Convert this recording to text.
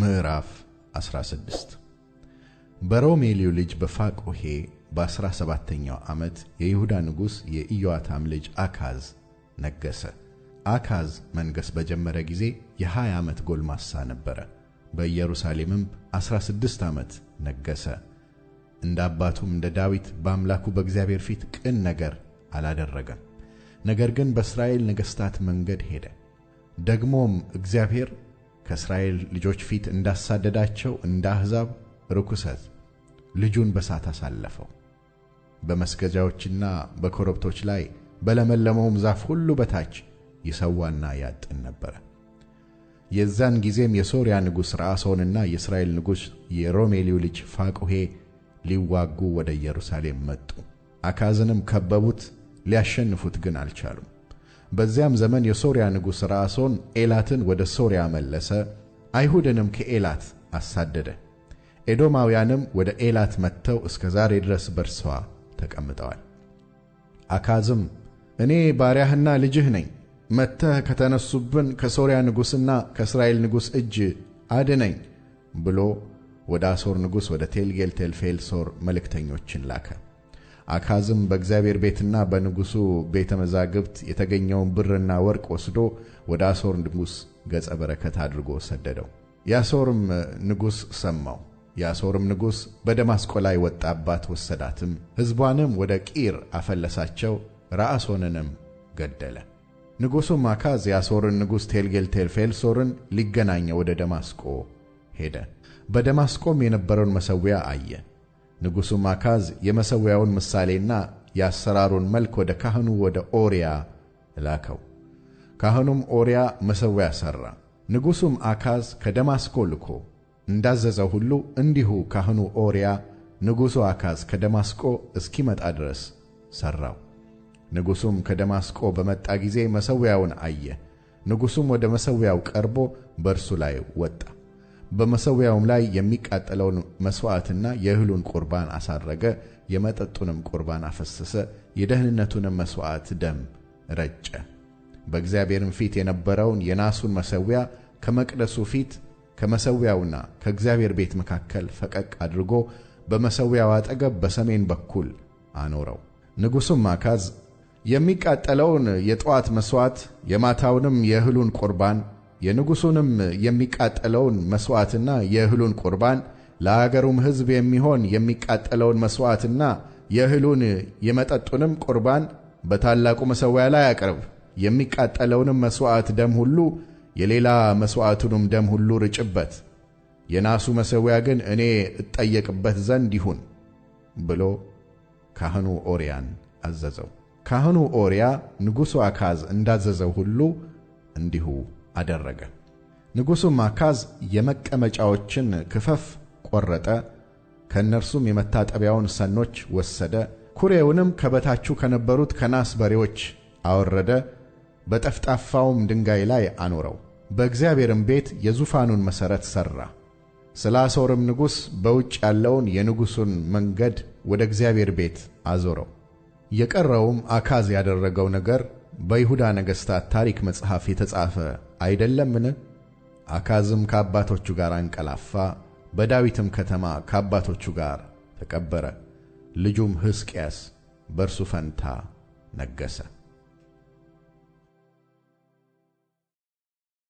ምዕራፍ 16 በሮሜልዩ ልጅ በፋቁሔ በ17ኛው ዓመት የይሁዳ ንጉሥ የኢዮአታም ልጅ አካዝ ነገሠ። አካዝ መንገሥ በጀመረ ጊዜ የ20 ዓመት ጎልማሳ ነበረ። በኢየሩሳሌምም 16 ዓመት ነገሠ። እንደ አባቱም እንደ ዳዊት በአምላኩ በእግዚአብሔር ፊት ቅን ነገር አላደረገም፤ ነገር ግን በእስራኤል ነገሥታት መንገድ ሄደ። ደግሞም እግዚአብሔር ከእስራኤል ልጆች ፊት እንዳሳደዳቸው እንደ አሕዛብ ርኩሰት ልጁን በሳት አሳለፈው። በመስገጃዎችና በኮረብቶች ላይ በለመለመውም ዛፍ ሁሉ በታች ይሰዋና ያጥን ነበረ። የዛን ጊዜም የሶርያ ንጉሥ ረአሶንና የእስራኤል ንጉሥ የሮሜሊው ልጅ ፋቁሄ ሊዋጉ ወደ ኢየሩሳሌም መጡ። አካዝንም ከበቡት፣ ሊያሸንፉት ግን አልቻሉም። በዚያም ዘመን የሶርያ ንጉሥ ራሶን ኤላትን ወደ ሶርያ መለሰ፣ አይሁድንም ከኤላት አሳደደ። ኤዶማውያንም ወደ ኤላት መጥተው እስከ ዛሬ ድረስ በርሰዋ ተቀምጠዋል። አካዝም እኔ ባሪያህና ልጅህ ነኝ፣ መጥተህ ከተነሱብን ከሶርያ ንጉሥና ከእስራኤል ንጉሥ እጅ አድነኝ ብሎ ወደ አሶር ንጉሥ ወደ ቴልጌልቴልፌልሶር መልእክተኞችን ላከ። አካዝም በእግዚአብሔር ቤትና በንጉሡ ቤተ መዛግብት የተገኘውን ብርና ወርቅ ወስዶ ወደ አሦር ንጉሥ ገጸ በረከት አድርጎ ሰደደው። የአሦርም ንጉሥ ሰማው። የአሦርም ንጉሥ በደማስቆ ላይ ወጣባት፣ ወሰዳትም። ሕዝቧንም ወደ ቂር አፈለሳቸው፣ ረአሶንንም ገደለ። ንጉሡም አካዝ የአሦርን ንጉሥ ቴልጌልቴልፌልሶርን ሊገናኘ ወደ ደማስቆ ሄደ። በደማስቆም የነበረውን መሠዊያ አየ። ንጉሡም አካዝ የመሠዊያውን ምሳሌና የአሰራሩን መልክ ወደ ካህኑ ወደ ኦርያ ላከው። ካህኑም ኦርያ መሠዊያ ሠራ። ንጉሡም አካዝ ከደማስቆ ልኮ እንዳዘዘው ሁሉ እንዲሁ ካህኑ ኦርያ ንጉሡ አካዝ ከደማስቆ እስኪመጣ ድረስ ሠራው። ንጉሡም ከደማስቆ በመጣ ጊዜ መሠዊያውን አየ። ንጉሡም ወደ መሠዊያው ቀርቦ በእርሱ ላይ ወጣ። በመሠዊያውም ላይ የሚቃጠለውን መሥዋዕትና የእህሉን ቁርባን አሳረገ፣ የመጠጡንም ቁርባን አፈሰሰ፣ የደህንነቱንም መሥዋዕት ደም ረጨ። በእግዚአብሔርም ፊት የነበረውን የናሱን መሠዊያ ከመቅደሱ ፊት ከመሠዊያውና ከእግዚአብሔር ቤት መካከል ፈቀቅ አድርጎ በመሠዊያው አጠገብ በሰሜን በኩል አኖረው። ንጉሡም አካዝ የሚቃጠለውን የጠዋት መሥዋዕት የማታውንም የእህሉን ቁርባን የንጉሡንም የሚቃጠለውን መሥዋዕትና የእህሉን ቁርባን ለአገሩም ሕዝብ የሚሆን የሚቃጠለውን መሥዋዕትና የእህሉን የመጠጡንም ቁርባን በታላቁ መሠዊያ ላይ አቅርብ። የሚቃጠለውንም መሥዋዕት ደም ሁሉ የሌላ መሥዋዕቱንም ደም ሁሉ ርጭበት። የናሱ መሠዊያ ግን እኔ እጠየቅበት ዘንድ ይሁን ብሎ ካህኑ ኦርያን አዘዘው። ካህኑ ኦርያ ንጉሡ አካዝ እንዳዘዘው ሁሉ እንዲሁ አደረገ። ንጉሡም አካዝ የመቀመጫዎችን ክፈፍ ቈረጠ፣ ከእነርሱም የመታጠቢያውን ሰኖች ወሰደ። ኩሬውንም ከበታቹ ከነበሩት ከናስ በሬዎች አወረደ፣ በጠፍጣፋውም ድንጋይ ላይ አኖረው። በእግዚአብሔርም ቤት የዙፋኑን መሠረት ሠራ። ስለ አሦርም ንጉሥ በውጭ ያለውን የንጉሡን መንገድ ወደ እግዚአብሔር ቤት አዞረው። የቀረውም አካዝ ያደረገው ነገር በይሁዳ ነገሥታት ታሪክ መጽሐፍ የተጻፈ አይደለምን? አካዝም ከአባቶቹ ጋር አንቀላፋ፣ በዳዊትም ከተማ ከአባቶቹ ጋር ተቀበረ። ልጁም ሕዝቅያስ በእርሱ ፈንታ ነገሠ።